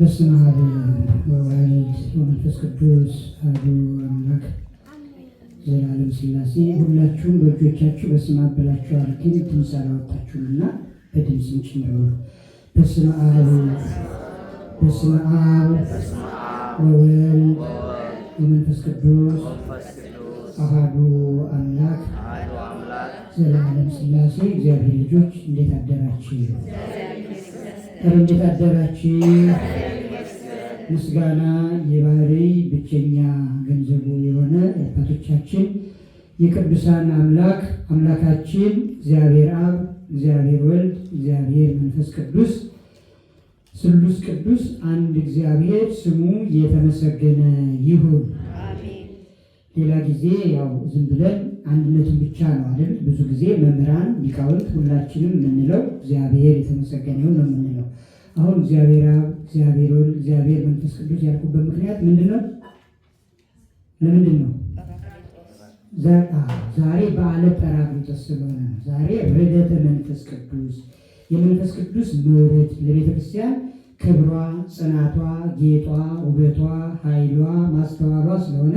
በስመ አብ ወወልድ ወመንፈስ ቅዱስ አሐዱ አምላክ ዘላለም ሥላሴ። ሁላችሁም በእጆቻችሁ በስመ አብ ብላችሁ አርግን ድምፅ አላወጣችሁምና በድምፅም ጭምር በስመ አብ በስመ አብ ወወልድ ወመንፈስ ቅዱስ አሐዱ አምላክ ዘላለም ሥላሴ። እግዚአብሔር ልጆች እንዴት አደራችሁ? እንዴት አደራችሁ? ምስጋና የባህሪ ብቸኛ ገንዘቡ የሆነ አባቶቻችን የቅዱሳን አምላክ አምላካችን እግዚአብሔር አብ፣ እግዚአብሔር ወልድ፣ እግዚአብሔር መንፈስ ቅዱስ ስሉስ ቅዱስ አንድ እግዚአብሔር ስሙ የተመሰገነ ይሁን። ሌላ ጊዜ ያው ዝም ብለን አንድነቱን ብቻ ነው አይደል? ብዙ ጊዜ መምህራን ሊቃውንት ሁላችንም የምንለው እግዚአብሔር የተመሰገነው ነው የምንለው አሁን እግዚአብሔር አብ፣ እግዚአብሔር ወልድ፣ እግዚአብሔር መንፈስ ቅዱስ ያልኩበት ምክንያት ምንድን ነው? ለምንድን ነው ዛሬ በዓለ ጰራቅሊጦስ ስለሆነ ዛሬ ርደተ መንፈስ ቅዱስ የመንፈስ ቅዱስ መውረድ ለቤተ ክርስቲያን ክብሯ፣ ጽናቷ፣ ጌጧ፣ ውበቷ፣ ኃይሏ፣ ማስተዋሏ ስለሆነ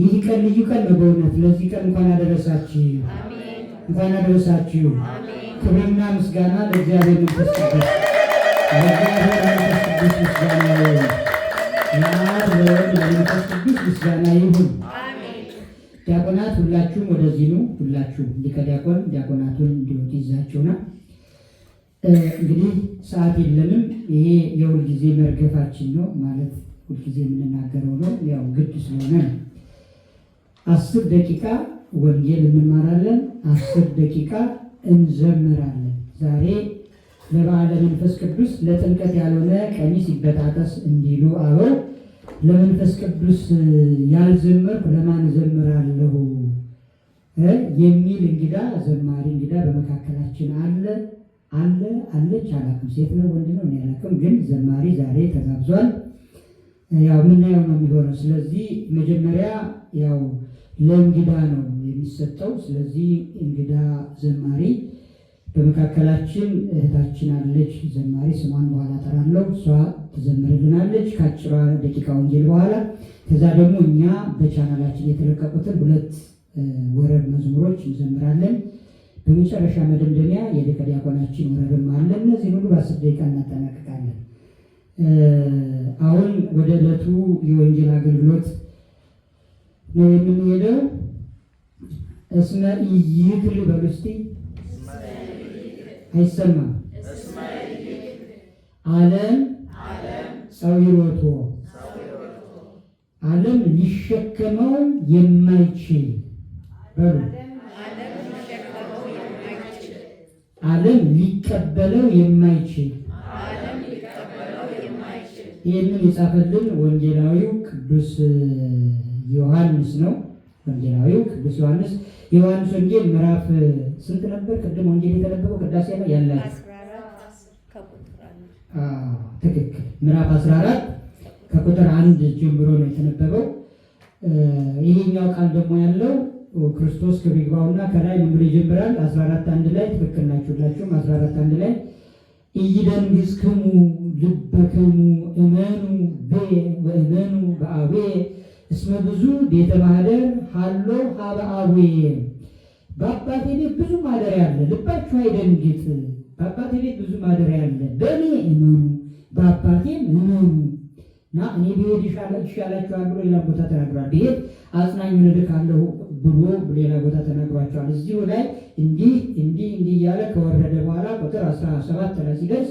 ይህ ቀን ልዩ ቀን ነው። በእውነት ለዚህ ቀን እንኳን አደረሳችሁ፣ እንኳን አደረሳችሁ። ክብርና ምስጋና ለእግዚአብሔር መንፈስ ቅዱስ ምስጋና ዲያቆናት ሁላችሁም ወደዚህ ነው። ሁላችሁ ሊቀ ዲያቆን ዲያቆናቱን እንዲወጡ ይዛችሁና እንግዲህ ሰዓት የለንም። ይሄ የሁልጊዜ መርገፋችን ነው ማለት ሁልጊዜ የምንናገረው ነው። ያው ግድ ስለሆነ አስር ደቂቃ ወንጌል እንማራለን። አስር ደቂቃ እንዘምራለን ዛሬ ለባዓለ መንፈስ ቅዱስ ለጥምቀት ያልሆነ ቀሚስ ይበጣጠስ እንዲሉ አበው ለመንፈስ ቅዱስ ያልዘመርኩ ለማን ዘምራለሁ የሚል እንግዳ ዘማሪ እንግዳ በመካከላችን አለ አለ አለች። አላውቅም ሴት ነው ወንድ ነው አላውቅም፣ ግን ዘማሪ ዛሬ ተጋብዟል። ያው ምናየው ነው የሚሆነው። ስለዚህ መጀመሪያ ያው ለእንግዳ ነው የሚሰጠው። ስለዚህ እንግዳ ዘማሪ በመካከላችን እህታችን አለች ዘማሪ፣ ስሟን በኋላ ጠራለሁ። እሷ ትዘምርልናለች ከአጭሯ ደቂቃ ወንጌል በኋላ። ከዛ ደግሞ እኛ በቻናላችን የተለቀቁትን ሁለት ወረብ መዝሙሮች እንዘምራለን። በመጨረሻ መደምደሚያ የሊቀ ዲያቆናችን ወረብም አለ። እነዚህ ሁሉ በአስር ደቂቃ እናጠናቅቃለን። አሁን ወደ ዕለቱ የወንጌል አገልግሎት ነው የምንሄደው። እስመ ኢይክል በሉ እስቲ አይሰማም። ዓለም ጸዊሮቶ ዓለም ሊሸከመው የማይችል በሉ ዓለም ሊቀበለው የማይችል ይህንን የጻፈልን ወንጌላዊው ቅዱስ ዮሐንስ ነው። ወንጌላዊው ቅዱስ ዮሐንስ የዮሐንስ ወንጌል ምዕራፍ ስንት ነበር? ቅድም ወንጌል የተነበበው ቅዳሴ ላይ ያለ ትክክል፣ ምዕራፍ 14 ከቁጥር አንድ ጀምሮ ነው የተነበበው። ይሄኛው ቃል ደግሞ ያለው ክርስቶስ ክብር ከላይ ምምር ይጀምራል። 14 አንድ ላይ ትክክል ናችሁ ሁላችሁም። 14 አንድ ላይ ኢይደንግዝክሙ ልበክሙ እመኑ በእመኑ በአቤ እስመ ብዙ ቤተ ማህደር ሀሎ ሀበ አቡዬ በአባቴ ቤት ብዙ ማደሪያ አለ፣ ልባችሁ አይደንግጥ። በአባቴ ቤት ብዙ ማደሪያ አለ፣ በእኔ እመኑ፣ በአባቴም እመኑ እና እኔ ብሄድ ይሻላችኋል ብሎ ሌላ ቦታ ተናግሯል። ብሄድ አጽናኝ እልክሃለሁ ብሎ ሌላ ቦታ ተናግሯቸዋል። እዚሁ ላይ እንዲህ እንዲህ እንዲህ እያለ ከወረደ በኋላ ቁጥር አስራ ሰባት ላይ ሲደርስ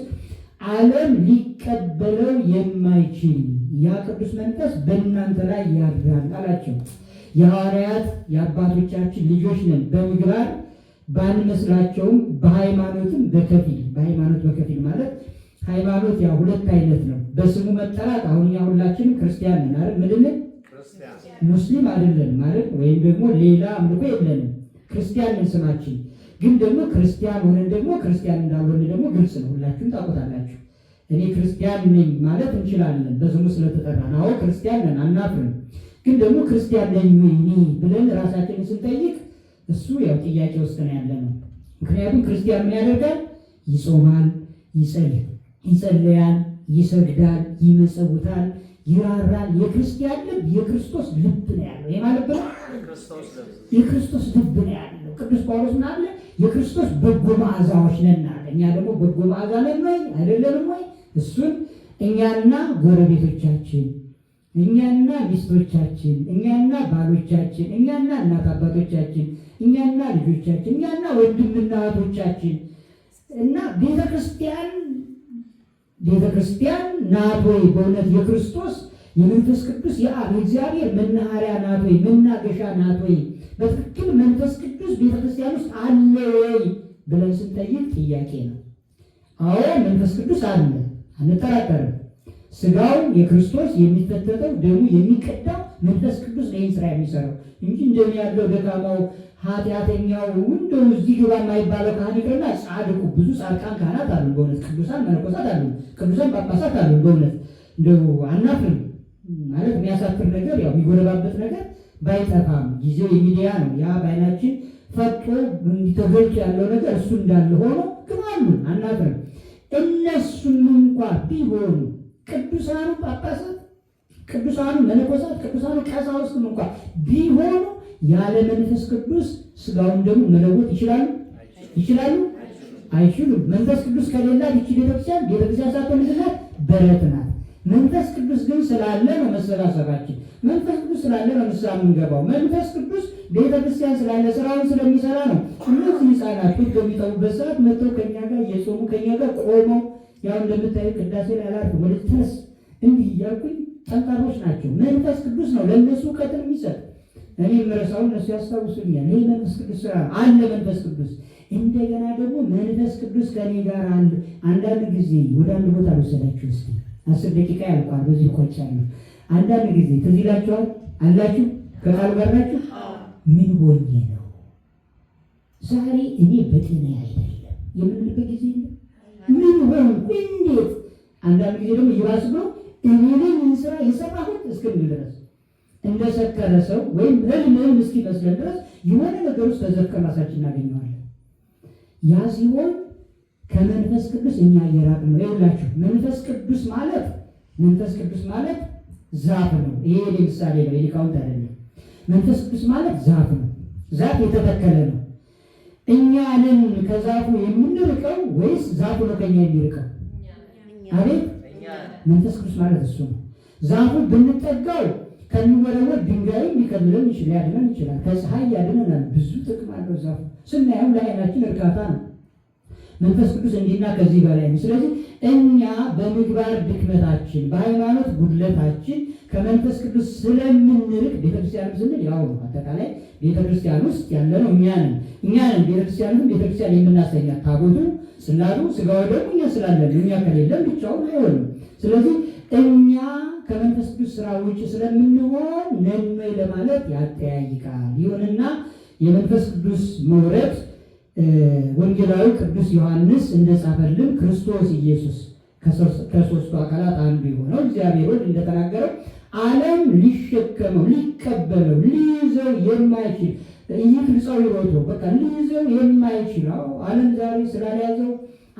ዓለም ሊቀበለው የማይችል ያ ቅዱስ መንፈስ በእናንተ ላይ ያድራል አላቸው። የሐዋርያት የአባቶቻችን ልጆች ነን በምግባር ባንመስላቸውም በሃይማኖትም በከፊል በሃይማኖት በከፊል ማለት ሃይማኖት ያው ሁለት አይነት ነው። በስሙ መጠራት አሁን ያ ሁላችንም ክርስቲያን ነን አይደል? ምንድን ሙስሊም አይደለን ማለት ወይም ደግሞ ሌላ አምልኮ የለንም ክርስቲያን ነን ስማችን። ግን ደግሞ ክርስቲያን ሆነን ደግሞ ክርስቲያን እንዳልሆነ ደግሞ ግልጽ ነው፣ ሁላችሁም ታውቁታላችሁ። እኔ ክርስቲያን ነኝ ማለት እንችላለን። በስሙ ስለተጠራ አዎ ክርስቲያን ነን፣ አናፍርም። ግን ደግሞ ክርስቲያን ነኝ እኔ ብለን ራሳችንን ስንጠይቅ እሱ ያው ጥያቄ ውስጥ ነው ያለ ነው። ምክንያቱም ክርስቲያን ምን ያደርጋል? ይጾማል፣ ይጸልያል፣ ይሰግዳል፣ ይመጸውታል፣ ይራራል። የክርስቲያን ልብ የክርስቶስ ልብ ነው ያለው። ይህ ማለት ነው የክርስቶስ ልብ ነው ያለው። ቅዱስ ጳውሎስ ምናለ የክርስቶስ በጎ መዓዛዎች ነን አለ። እኛ ደግሞ በጎ መዓዛ ነን ወይ አይደለንም ወይ እሱን እኛና ጎረቤቶቻችን፣ እኛና ሚስቶቻችን፣ እኛና ባሎቻችን፣ እኛና እናት አባቶቻችን፣ እኛና ልጆቻችን፣ እኛና ወንድምና እህቶቻችን እና ቤተክርስቲያን ቤተክርስቲያን ናት ወይ? በእውነት የክርስቶስ የመንፈስ ቅዱስ የአብ እግዚአብሔር መናኸሪያ ናት ወይ? መናገሻ ናት ወይ? በትክክል መንፈስ ቅዱስ ቤተክርስቲያን ውስጥ አለ ወይ ብለን ስንጠይቅ ጥያቄ ነው። አዎ መንፈስ ቅዱስ አለ። አንጠራጠርም። ስጋው የክርስቶስ የሚፈተተው ደሙ የሚቀዳው መንፈስ ቅዱስ ይህን ስራ የሚሰራው እንጂ እንደምን ያለው ደካማው ኃጢአተኛው እንደው እዚህ ግባ የማይባለው ካህን ይቅርና ጻድቁ ብዙ ጻድቃን ካህናት አሉ በእውነት ቅዱሳን መነኮሳት አሉ ቅዱሳን ጳጳሳት አሉ በእውነት እንደው አናፍርም ማለት የሚያሳፍር ነገር ያው የሚጎለባበት ነገር ባይጠፋም ጊዜው የሚዲያ ነው ያ በአይናችን ፈጦ ተገልጭ ያለው ነገር እሱ እንዳለ ሆኖ ግባሉ አናፍርም እነሱም እንኳ ቢሆኑ ቅዱሳኑ ጳጳሳት፣ ቅዱሳኑ መነኮሳት፣ ቅዱሳኑ ቀሳውስትም እንኳ ቢሆኑ ያለ መንፈስ ቅዱስ ስጋውን ደግሞ መለወጥ ይችላሉ ይችላሉ አይችሉም። መንፈስ ቅዱስ ከሌላ ይቺ ቤተክርስቲያን ቤተክርስቲያን ሳተ ምንድናት? በረት ናት። መንፈስ ቅዱስ ግን ስላለ ነው መሰራሰባችን። መንፈስ ቅዱስ ስላለ ነው ምሳ የምንገባው። መንፈስ ቅዱስ ቤተክርስቲያን ስላለ ስራውን ስለሚሰራ ነው ህፃናቶች በሚጠሙበት ሰዓት መጥተው ከኛ ጋር እየጾሙ ከኛ ጋር ቆመው ያው እንደምታዩ ቅዳሴ ላይ አላርፍም ወደ ተነስ እንዲህ እያልኩኝ ጠንካሮች ናቸው። መንፈስ ቅዱስ ነው ለእነሱ እውቀትን የሚሰጥ እኔ የምረሳው እነሱ ያስታውሱኛል። ይህ መንፈስ ቅዱስ አለ። መንፈስ ቅዱስ እንደገና ደግሞ መንፈስ ቅዱስ ከኔ ጋር አለ። አንዳንድ ጊዜ ወደ አንድ ቦታ ልወሰዳችሁ እስኪ። አስር ደቂቃ ያልቋል። በዚህ ኮቻ ነው። አንዳንድ ጊዜ ትዝ ይላችኋል አላችሁ ከቃል ጋር ናችሁ። ምን ሆኜ ነው ዛሬ እኔ በጤና አይደለም የምንልበት ጊዜ የለም። ምን ሆንኩ? እንዴት? አንዳንድ ጊዜ ደግሞ ይባስ ነው እኔ ላይ ምን ስራ የሰራሁት እስክንል ድረስ እንደሰከረ ሰው ወይም ህልምም እስኪመስለን ድረስ የሆነ ነገር ውስጥ ተዘፍቀን ራሳችን እናገኘዋለን። ያ ሲሆን ከመንፈስ ቅዱስ እኛ እየራቅ ነው። ይኸውላችሁ መንፈስ ቅዱስ ማለት መንፈስ ቅዱስ ማለት ዛፍ ነው። ይሄ ምሳሌ ነው፣ የሊቃውንት አይደለም። መንፈስ ቅዱስ ማለት ዛፍ ነው። ዛፍ የተተከለ ነው እኛ ነን ከዛፉ የምንርቀው ወይስ ዛፉ ነው ከኛ የሚርቀው? አቤት መንፈስ ቅዱስ ማለት እሱ ነው። ዛፉ ብንጠጋው ከሚወረወር ድንጋይ ሊቀልለን ይችላል፣ ያድነን ይችላል፣ ከፀሐይ ያድነናል። ብዙ ጥቅም አለው ዛፉ። ስናየው ለአይናችን እርካታ ነው። መንፈስ ቅዱስ እንዲና ከዚህ በላይ ነው። ስለዚህ እኛ በምግባር ድክመታችን፣ በሃይማኖት ጉድለታችን ከመንፈስ ቅዱስ ስለምንርቅ ቤተክርስቲያን ስንል ያው አጠቃላይ ቤተክርስቲያን ውስጥ ያለ ነው። እኛ እኛ ቤተክርስቲያን ቤተክርስቲያን የምናሰኛ ታቦቱ ስላሉ ስጋው ደግሞ እኛ ስላለን እኛ ከሌለን ብቻውን አይሆንም። ስለዚህ እኛ ከመንፈስ ቅዱስ ስራ ውጭ ስለምንሆን ነንመይ ለማለት ያጠያይቃል። ይሁንና የመንፈስ ቅዱስ መውረድ ወንጌላዊ ቅዱስ ዮሐንስ እንደጻፈልን ክርስቶስ ኢየሱስ ከሶስቱ አካላት አንዱ የሆነው እግዚአብሔር ወልድ እንደተናገረው ዓለም ሊሸከመው ሊቀበለው ሊይዘው የማይችል ይህ ፍልጻዊ ሮቶ በቃ ሊይዘው የማይችል ዓለም ዛሬ ስላልያዘው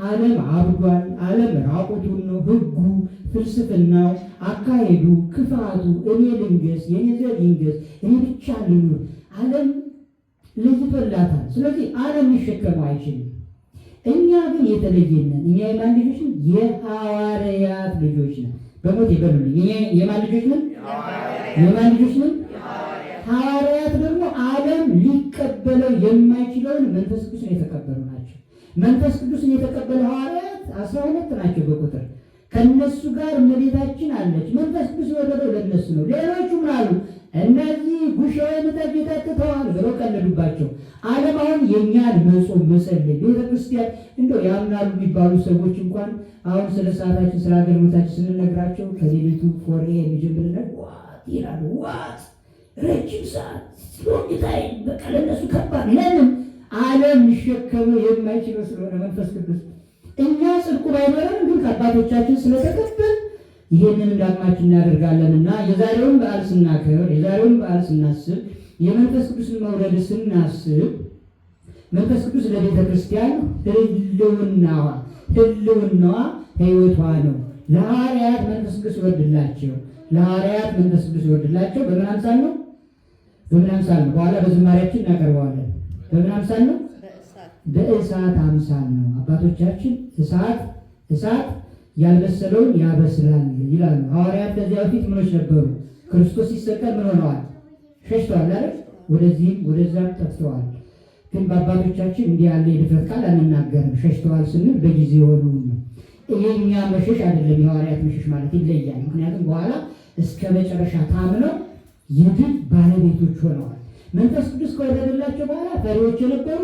ዓለም አብዷል። ዓለም ራቁቱን ነው። ህጉ፣ ፍልስፍናው፣ አካሄዱ፣ ክፋቱ እኔ ልንገስ፣ የኔ ዘር ይንገስ፣ እኔ ብቻ ልኑር ዓለም ልዝቶላታል። ስለዚህ ዓለም ሊሸከመው አይችልም። እኛ ግን የተለየነን እኛ የማን ልጆች? የሐዋርያት ልጆች ነን። በሞት ይበሉልኝ። ይሄ የማን ልጆች ነን? የማን ልጆች ነን? ሐዋርያት ደግሞ ዓለም ሊቀበለው የማይችለውን መንፈስ ቅዱስን የተቀበሉ ናቸው። መንፈስ ቅዱስን የተቀበሉ ሐዋርያት አስራ ሁለት ናቸው በቁጥር ከነሱ ጋር እመቤታችን አለች። መንፈስ ቅዱስ የወረደው ለነሱ ነው። ሌሎቹ ምን አሉ? እነዚህ ጉሾ የምጠጅ ፈረደባቸው። ዓለም አሁን የኛን መጾም፣ መጸለይ፣ ቤተክርስቲያን እንደው ያምናሉ የሚባሉ ሰዎች እንኳን አሁን ስለ ሰዓታችን ስለ አገልግሎታችን ስንነግራቸው ከሌሊቱ ፎሬ የሚጀምር ነ ዋት ይላሉ። ዋት ረጅም ሰዓት ሎንግታይ በቃ ለነሱ ከባድ። ለምን ዓለም ሊሸከመው የማይችለው ስለሆነ መንፈስ ቅዱስ እኛ ጽድቁ ባይኖረን ግን ከአባቶቻችን ስለተቀበል ይህንን እንዳቅማችን እና የዛሬውን በዓል ስናከብር የዛሬውን በዓል ስናስብ የመንፈስ ቅዱስን መውረድ ስናስብ መንፈስ ቅዱስ ለቤተ ክርስቲያን ህልውናዋ ህልውናዋ ህይወቷ ነው። ለሐዋርያት መንፈስ ቅዱስ ይወርድላቸው፣ ለሐዋርያት መንፈስ ቅዱስ ይወርድላቸው። በምን አምሳል ነው? በምን አምሳል ነው? በኋላ በዝማሬያችን እናቀርበዋለን። በምን አምሳል ነው? በእሳት አምሳል ነው። አባቶቻችን እሳት እሳት ያልበሰለውን ያበስላል ይላሉ። ሐዋርያት ከዚያ በፊት ምኖች ነበሩ። ክርስቶስ ሲሰቀል ምን ሆነዋል? ሸሽተዋል አይደል? ወደዚህም ወደዛም ጠፍተዋል። ግን በአባቶቻችን እንዲህ ያለ የድፍረት ቃል አንናገርም። ሸሽተዋል ስንል በጊዜ የሆኑ ነው። የእኛ መሸሽ አይደለም፣ የሐዋርያት መሸሽ ማለት ይለያል። ምክንያቱም በኋላ እስከ መጨረሻ ታምነው የድል ባለቤቶች ሆነዋል። መንፈስ ቅዱስ ከወረደላቸው በኋላ ፈሪዎች የነበሩ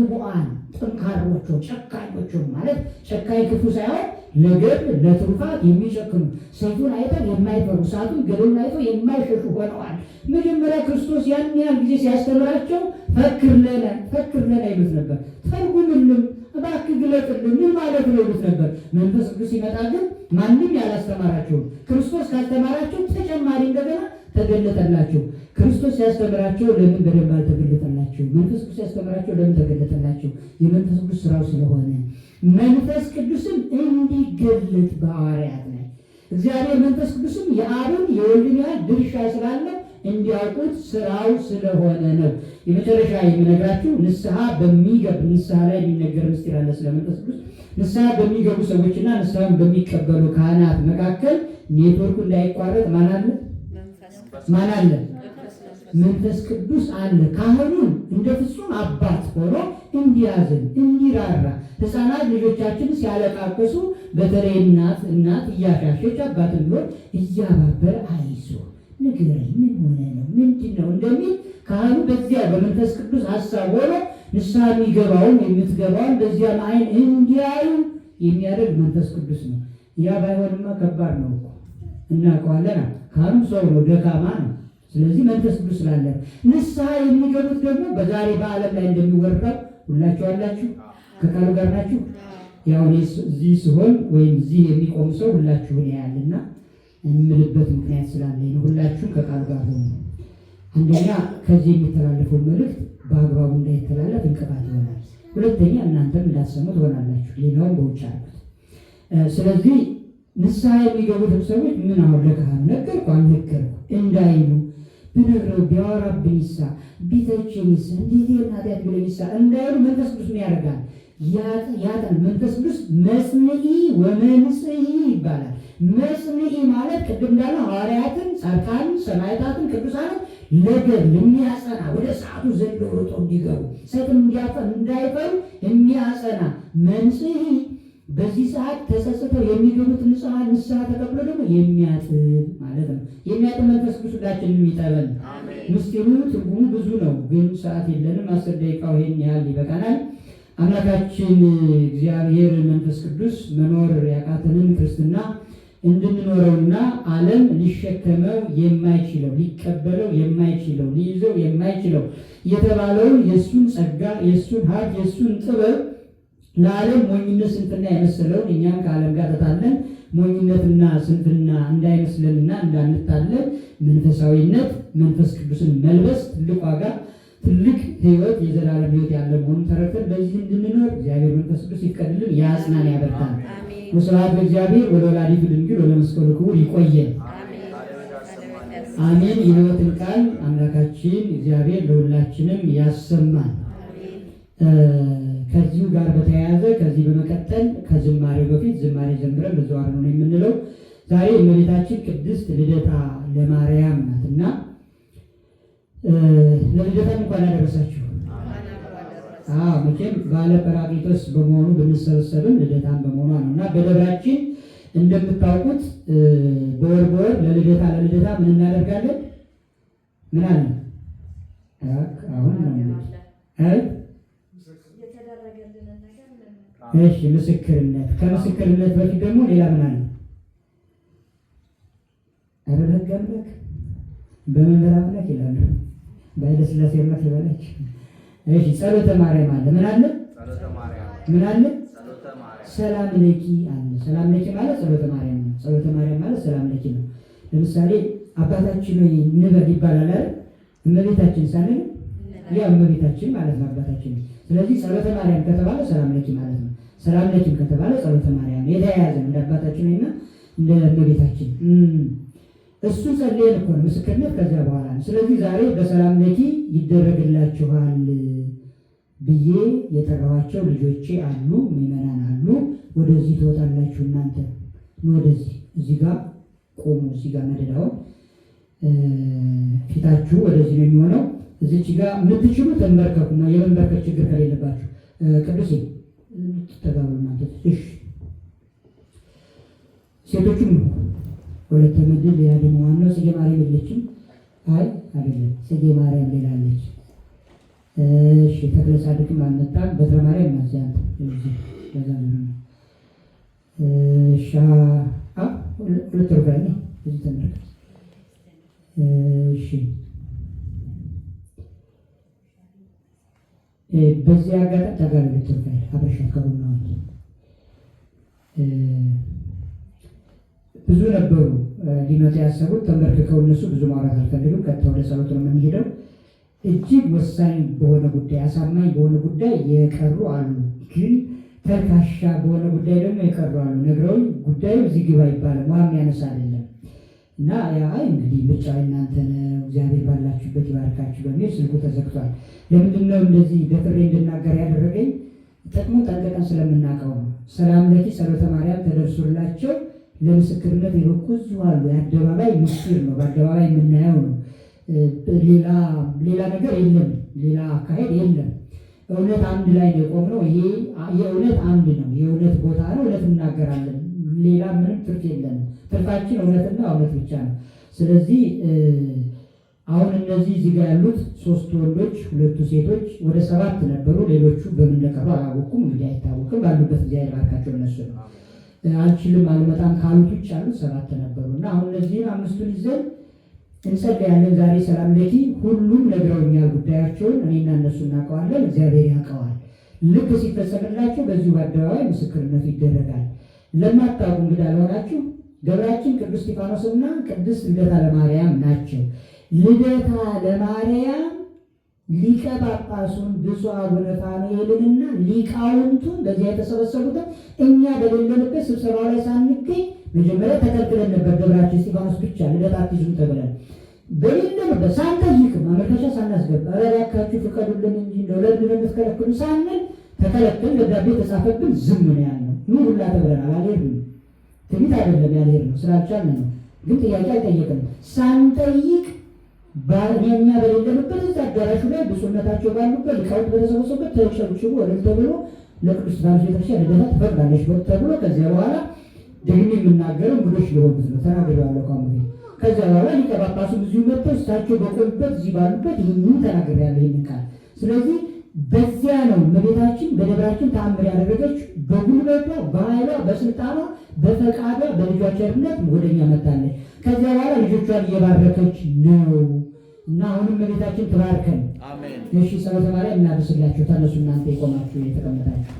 ጥቡዓን፣ ጥንካሮች፣ ጨካኞች ማለት ጨካኝ ክፉ ሳይሆን ለገብ ለትሩፋት የሚጨክኑ ሰይፉን አይተን የማይፈሩ እሳቱን ገድሉን አይቶ የማይሸሹ ሆነዋል። መጀመሪያ ክርስቶስ ያን ያን ጊዜ ሲያስተምራቸው ፈክር ለነ ፈክር ለነ ይሉት ነበር። ተርጉምልም እባክህ ግለጥልም ምን ማለት ነው ይሉት ነበር። መንፈስ ቅዱስ ሲመጣ ግን ማንም ያላስተማራቸውም ክርስቶስ ካስተማራቸው ተጨማሪ እንደገና ተገለጠላቸው። ክርስቶስ ሲያስተምራቸው ለምን በደንብ አልተገለጠላቸው? መንፈስ ቅዱስ ሲያስተምራቸው ለምን ተገለጠላቸው? የመንፈስ ቅዱስ ስራው ስለሆነ መንፈስ ቅዱስም እንዲገለጥ በሐዋርያት ላይ እግዚአብሔር መንፈስ ቅዱስም የአብን የወልድን ያህል ድርሻ ስላለ እንዲያውቁት ስራው ስለሆነ ነው። የመጨረሻ የምነግራችሁ ንስሐ በሚገቡ ንስሐ ላይ የሚነገር ምስጢር አለ ስለ መንፈስ ቅዱስ። ንስሐ በሚገቡ ሰዎችና ንስሐን በሚቀበሉ ካህናት መካከል ኔትወርኩ እንዳይቋረጥ ማን አለ? ማን አለ? መንፈስ ቅዱስ አለ። ካህኑን እንደ ፍጹም አባት ሆኖ እንዲያዝን እንዲራራ ህፃናት ልጆቻችን ሲያለቃቅሱ በተለይ እናት እናት እያሻሸች አባትን ብሎ እያባበር አይዞ ንግረኝ ምን ሆነ ነው ምንድን ነው እንደሚል ካህኑ በዚያ በመንፈስ ቅዱስ ሀሳብ ሆኖ ንስሐ የሚገባውን የምትገባውን በዚያ አይን እንዲያዩ የሚያደርግ መንፈስ ቅዱስ ነው። ያ ባይሆንማ ከባድ ነው እኮ እናውቀዋለን። ካህኑ ሰው ነው፣ ደካማ ነው። ስለዚህ መንፈስ ቅዱስ ስላለን ንስሐ የሚገቡት ደግሞ በዛሬ በዓለም ላይ እንደሚወርቀው ሁላችሁ አላችሁ? ከቃሉ ጋር ናችሁ? ያው እዚህ ሲሆን ወይም እዚህ የሚቆም ሰው ሁላችሁን ያያልና የምልበት ምክንያት ስላለ ነው። ሁላችሁ ከቃሉ ጋር ሆኑ። አንደኛ ከዚህ የሚተላለፈው መልእክት በአግባቡ እንዳይተላለፍ እንቅፋት ይሆናል። ሁለተኛ እናንተም እንዳትሰሙ ትሆናላችሁ፣ ሌላውም በውጭ አሉት። ስለዚህ ንስሐ የሚገቡትም ሰዎች ምን አሁን ለካህን ነገርኩ አልነገርኩ እንዳይሉ ብንረው ቢያወራብኝሳ ቢተቸኝሳ እንዴት ናትያት ብለኝሳ እንዳይሉ መንፈስ ቅዱስ ያደርጋል? ያጠን መንፈስ ቅዱስ መስንኢ ወመንጽሒ ይባላል። መስንኢ ማለት ቅድም እንዳለ ሐዋርያትን፣ ጻድቃንን፣ ሰማዕታትን፣ ቅዱሳንን ለገብ የሚያጸና ወደ ሰዓቱ ዘሎ ሮጦ እንዲገቡ ሰይጣን እንዳይፈሩ የሚያጸና መንጽሒ በዚህ ሰዓት ተጸጽተው የሚገቡት ንስሐ ንስሐ ተቀብሎ ደግሞ የሚያጥብ ማለት ነው። የሚያጥብ መንፈስ ቅዱስ ሁላችንም የሚጠበል ምስጢሩ፣ ትርጉሙ ብዙ ነው፣ ግን ሰዓት የለንም። አስር ደቂቃው ይህን ያህል ይበቃናል። አምላካችን እግዚአብሔር መንፈስ ቅዱስ መኖር ያቃተንን ክርስትና እንድንኖረውና ዓለም ሊሸከመው የማይችለው ሊቀበለው የማይችለው ሊይዘው የማይችለው የተባለውን የእሱን ጸጋ የእሱን ሀብት የእሱን ጥበብ ለዓለም ሞኝነት ስንፍና የመሰለውን እኛም ከዓለም ጋር ተታለን ሞኝነትና ስንፍና እንዳይመስለንና እንዳንታለን መንፈሳዊነት መንፈስ ቅዱስን መልበስ ትልቅ ዋጋ ትልቅ ህይወት የዘላለም ህይወት ያለ መሆኑን ተረድተን በዚህ እንድንኖር እግዚአብሔር መንፈስ ቅዱስ ይቀድልን ያጽናን፣ ያበርታል። ወስብሐት ለእግዚአብሔር ወለወላዲቱ ድንግል ወለመስቀሉ ክቡር። ይቆየን። አሜን። የህይወትን ቃል አምላካችን እግዚአብሔር ለሁላችንም ያሰማል። ከዚሁ ጋር በተያያዘ ከዚህ በመቀጠል ከዝማሬው በፊት ዝማሬ ዘምረን በዘዋር ነው የምንለው። ዛሬ እመቤታችን ቅድስት ልደታ ለማርያም እና ለልደታ እንኳን አደረሳችሁ። መቼም ባለ ጰራቅሊጦስ በመሆኑ ብንሰበሰብም ልደታን በመሆኗ ነው እና በደብራችን እንደምታውቁት በወር በወር ለልደታ ለልደታ ምን እናደርጋለን? ምን አለ አሁን እሺ ምስክርነት። ከምስክርነት በፊት ደግሞ ሌላ ምን አለ? አረበጋ አምላክ በመንበር አምላክ ይላሉ። በኃይለ ሥላሴ አምላክ ይባላች። እሺ ጸሎተ ማርያም አለ። ምን አለ? ምን አለ? ሰላም ለኪ አለ። ሰላም ለኪ ማለት ጸሎተ ማርያም ነው። ጸሎተ ማርያም ማለት ሰላም ለኪ ነው። ለምሳሌ አባታችን ወይ ንበብ ይባላል አይደል? እመቤታችን ሳንል ያ እመቤታችን ማለት ነው አባታችን። ስለዚህ ጸሎተ ማርያም ከተባለ ሰላም ለኪ ማለት ነው። ስራ አለችም ከተባለ ጸሎተ ማርያም የተያያዘ እንደ አባታችን ወይና እንደ እመቤታችን እሱ ጸልየን እኮ ነው ምስክርነት ከዚያ በኋላ ነው። ስለዚህ ዛሬ በሰላም ለኪ ይደረግላችኋል ብዬ የጠራኋቸው ልጆቼ አሉ፣ ምዕመናን አሉ። ወደዚህ ትወጣላችሁ እናንተ ወደዚህ እዚህ ጋር ቆሙ። እዚህ ጋር መደዳው ፊታችሁ ወደዚህ ነው የሚሆነው። እዚች ጋር የምትችሉ ተንበርከኩና የመንበርከት ችግር ከሌለባችሁ ቅዱሴ ተጋሩ እናት እሺ ሴቶችም ሁለት ምድብ ሌላ ደግሞ ዋናው ጽጌ ማርያም የለችም። አይ አይደለም ጽጌ ማርያም ሌላ አለች። እሺ ተክለ ጻድቅም አልመጣም። በትረ ማርያም ናዚያት በዛ ነው። እሺ ሁለት ሩፋኤል ነው እዚህ ተመልከት። እሺ በዚህ አጋጣሚ ተጋሪ ኢትዮጵያ ሀበሻ ከቡና ብዙ ነበሩ ሊመጡ ያሰቡት ተንበርክከው እነሱ ብዙ ማውራት አልፈልግም። ቀጥታ ወደ ጸሎት ነው የምንሄደው። እጅግ ወሳኝ በሆነ ጉዳይ አሳማኝ በሆነ ጉዳይ የቀሩ አሉ፣ ግን ተልካሻ በሆነ ጉዳይ ደግሞ የቀሩ አሉ። ነግረውኝ ጉዳዩ እዚህ ግባ ይባላል፣ ውሃ ያነሳ አይደለም እና ያ እንግዲህ ብቻ እናንተ እግዚአብሔር ባላችሁበት ይባርካችሁ በሚል ስልኩ ተዘግቷል። ለምንድን ነው እንደዚህ ደፍሬ እንድናገር ያደረገኝ? ጥቅሙን ጠንቅቀን ስለምናውቀው ነው። ሰላም ለኪ ጸሎተ ማርያም ተደርሶላቸው ለምስክርነት የበቁ ብዙ አሉ። የአደባባይ ምስጢር ነው። በአደባባይ የምናየው ነው። ሌላ ነገር የለም። ሌላ አካሄድ የለም። እውነት አንድ ላይ ነው የቆምነው። ይሄ የእውነት አንድ ነው። የእውነት ቦታ ነው። እውነት እናገራለን። ሌላ ምንም ትርፍ የለንም። ትርፋችን እውነትና እውነት ብቻ ነው። ስለዚህ አሁን እነዚህ እዚህ ጋር ያሉት ሶስት ወንዶች ሁለቱ ሴቶች ወደ ሰባት ነበሩ። ሌሎቹ በምን አላወቁም። እንግዲህ አይታወቅም። ባሉበት ጊዜ ባርካቸው። እነሱ ነው። አልችልም አልመጣም ካሉት ውጭ ያሉት ሰባት ነበሩ እና አሁን እነዚህ አምስቱን ይዘን እንጸልያለን። ዛሬ ሰላም ለኪ ሁሉም ነግረውኛል ጉዳያቸውን፣ እኔና እነሱ እናውቀዋለን፣ እግዚአብሔር ያውቀዋል። ልክ ሲፈጸምላቸው በዚሁ በአደባባይ ምስክርነቱ ይደረጋል። ለማታውቁ እንግዳ ለሆናችሁ ገብራችን ቅዱስ እስጢፋኖስና ቅድስት ልደታ ለማርያም ናቸው። ልደታ ለማርያም ሊቀ ጳጳሱን ብፁዕ አቡነ ፋኑኤልንና ሊቃውንቱን በዚያ የተሰበሰቡትን እኛ በሌለንበት ስብሰባ ላይ ሳንገኝ መጀመሪያ ተከልክለን ነበር። ገብራችን እስጢፋኖስ ብቻ ልደት አትይዙም ተብለን በሌለንበት ሳንጠይቅ ማመልከቻ ሳናስገባ እባካችሁ ፍቀዱልን እንጂ ለሁለት ለምትከለክሉ ሳንል ተከለክለን ደብዳቤ የተጻፈብን ዝም ነው ያለው። ኑ ሁላ ተብለናል። አልሄድንም። ትንቢት አይደለም ያልሄድነው ስላልቻልን ነው። ግን ጥያቄ አይጠየቅም ሳንጠይቅ በእኛ በሌለንበት እዛ አዳራሹ ላይ ብፁዕነታቸው ባሉበት ሊቃውንት በተሰበሰቡበት ተሸብሽቡ ወለም ተብሎ ለቅዱስ ሥላሴ ቤተክርስቲያን ልደታ ትፈቅዳለች ተብሎ ከዚያ በኋላ ደግሜ የምናገረው እንግዶች ሊሆኑት ነው ተናግሬዋለሁ። ካሁን ከዚያ በኋላ ሊቀ ጳጳሱ እዚሁ መጥተው እሳቸው በቆሙበት እዚህ ባሉበት ይህን ተናግሬያለሁ ይህን ቃል። ስለዚህ በዚያ ነው እመቤታችን በደብራችን ተአምር ያደረገች በጉልበቷ በስልጣኗ በፈቃዷ በልጇ ቸርነት ወደኛ መጣለች። ከዚያ በኋላ ልጆቿን እየባረከች ነው እና አሁንም በቤታችን ትባርከን። እሺ ጸሎተ ማርያም እናድርስላችሁ። ተነሱ እናንተ የቆማችሁ የተቀመጣችሁ።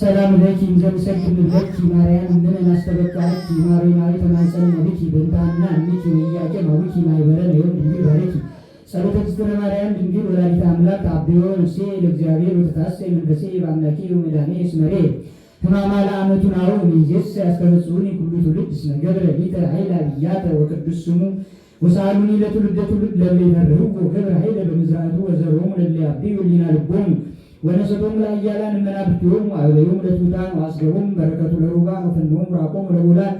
ሰላም ለኪ እምዘንሰግድ ለኪ ማርያም ምን እናስተበቃለች ማሪ ማሪ ተማንሰን ነብኪ ብንታና ንኪ ወያቄ ማዊኪ ማይበረን ይሁን ድንግል በረኪ ጸሎተ እግዝእትነ ማርያም ድንግል ወላዲተ አምላክ አብዮ ነፍሴ ለእግዚአብሔር ወተታሰይ መንፈሴ በአምላኬ ወመድኃኔ እስመሬ ሕማማ ለአመቱ ናሁ እምይእዜሰ ያስተበጽሑኒ ኩሉ ትውልድ እስመ ሊተ ኃይለ አብያተ ወቅዱስ ስሙ ወሳሉኒ ለትውልደ ትውልድ ለእምይመርሁ ወገብረ ኃይለ በምዝራቱ ወዘርሆሙ ለእለይአብዩ ሊና ልቦሙ ወነሰቶም ለኃያላን መናብርቲሆሙ አበበዮሙ ለትሑታን ወአስገቦሙ በረከቱ ለሩባ ወፈንድሆሙ ራቆሙ ለቡላን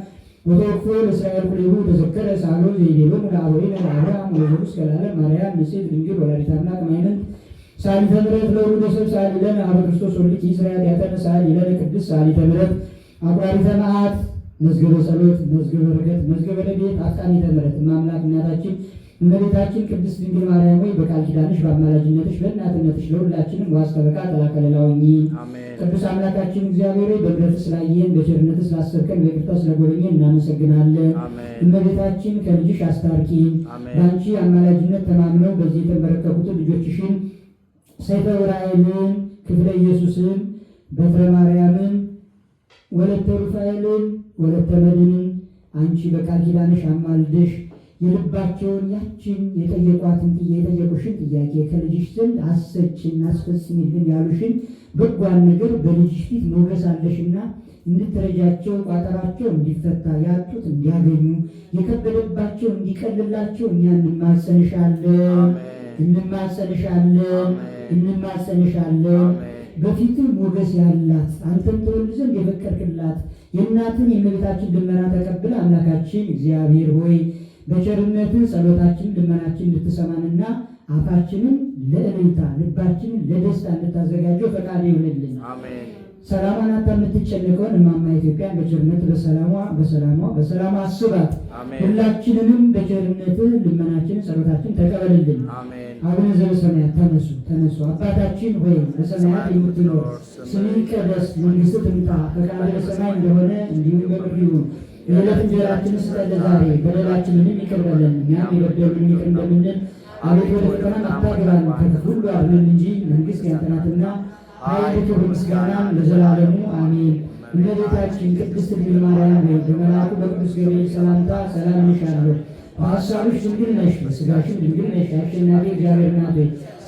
ወተወክፎ ለእስራኤል ኩሉ ተዘከረ ሳሎን ዘይቤሎሙ ለአበዊነ ለአብርሃም ወለዘሩ እስከ ለዓለም ማርያም ንጽሕት ድንግል ወላዲተ አምላክ እማይነን ሣሊተ ምሕረት ለውሉደ ሰብ ሣሊለነ አበ ክርስቶስ ወልድኪ ስራያት ያተነ ሣሊለነ ቅድስት ሣሊተ ምሕረት አቁራሪተ መዓት መዝገበ ጸሎት መዝገበ በረከት መዝገበ ረድኤት አቃኒተ ምሕረት እማምላክ እናታችን እመቤታችን ቅድስት ድንግል ማርያም ወይ በቃል ኪዳንሽ በአማላጅነትሽ በእናትነትሽ ለሁላችንም ዋስ ጠበቃ ጥላ ከለላ ቅዱስ አምላካችን እግዚአብሔር ወይ በምሕረት ስላየን በቸርነት ስላሰብከን በቅርታ ስለጎበኘ እናመሰግናለን። እመቤታችን ከልጅሽ አስታርቂ። በአንቺ አማላጅነት ተማምነው በዚህ የተመረከቡትን ልጆችሽን ሰይፈ ዑራኤልን፣ ክፍለ ኢየሱስን፣ በትረ ማርያምን፣ ወለተ ሩፋኤልን፣ ወለተ መድንን አንቺ በቃል ኪዳንሽ አማልደሽ የልባቸውን ያችን የጠየቋትን የጠየቁሽን ጥያቄ ከልጅሽ ዘንድ አሰችን አስፈጽሚልን ያሉሽን በጓን ነገር በልጅሽ ፊት ሞገስ አለሽና እንድትረጃቸው ቋጠራቸው እንዲፈታ ያጡት እንዲያገኙ የከበደባቸው እንዲቀልላቸው እኛ እንማጸንሻለን፣ እንማጸንሻለን፣ እንማጸንሻለን። በፊትም ሞገስ ያላት አንተን ተወልድ ዘንድ የፈቀድክላት የእናትን የእመቤታችን ልመና ተቀብለ አምላካችን እግዚአብሔር ሆይ በቸርነት ጸሎታችን ልመናችን እንድትሰማንና አፋችንን ለእልልታ ልባችንን ለደስታ እንድታዘጋጀው ፈቃድ ይሁንልን። ሰላሟን አታ የምትጨነቀውን እማማ ኢትዮጵያን በቸርነት በሰላሟ በሰላሟ በሰላም አስባት። ሁላችንንም በቸርነት ልመናችን ጸሎታችን ተቀበልልን። አቡነ ዘበሰማያት ተነሱ ተነሱ። አባታችን ሆይ በሰማያት የምትኖር ስምህ ይቀደስ፣ መንግስትህ ትምጣ፣ ፈቃድህ በሰማይ እንደሆነ እንዲሁም በምድር ይሁን የዕለት እንጀራችን ስጠን ዛሬ፣ በደላችንንም ይቅር በለን እኛም የበደሉንን ይቅር እንደምንል፣ አቤት ወደ ፈተናን አታግባን ከክፉ ሁሉ አድነን እንጂ መንግሥት ያንተ ናትና ኃይል፣ ክብር፣ ምስጋና ለዘላለሙ አሜን። እመቤታችን ቅድስት ድንግል ማርያም ሆይ በመልአኩ በቅዱስ ገብርኤል ሰላምታ ሰላም እንልሻለን። በሐሳብሽ ድንግል ነሽ፣ በሥጋሽም ድንግል ነሽ። አሸናፊ እግዚአብሔር ናት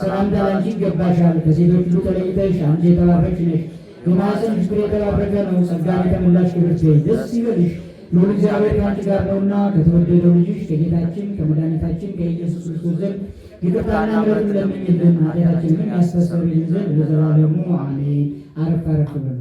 ሰላምታ ላንቺ ይገባሻል። ከሴቶች ሁሉ ተለይተሽ አንቺ የተባረክሽ ነሽ፣ የማኅፀንሽ ፍሬ የተባረከ ነው። ጸጋን የተሞላሽ ክብርት ደስ ይበልሽ ልዑል እግዚአብሔር ከአንቺ ጋር ነውና ከተወደደው ልጅሽ ከጌታችን ከመድኃኒታችን ከኢየሱስ ክርስቶስ ዘንድ ይቅርታና ምሕረት ለምኝልን ያስተሰርይልን ዘንድ ለዘላለሙ አሜን። አረፍ አረፍ በሉ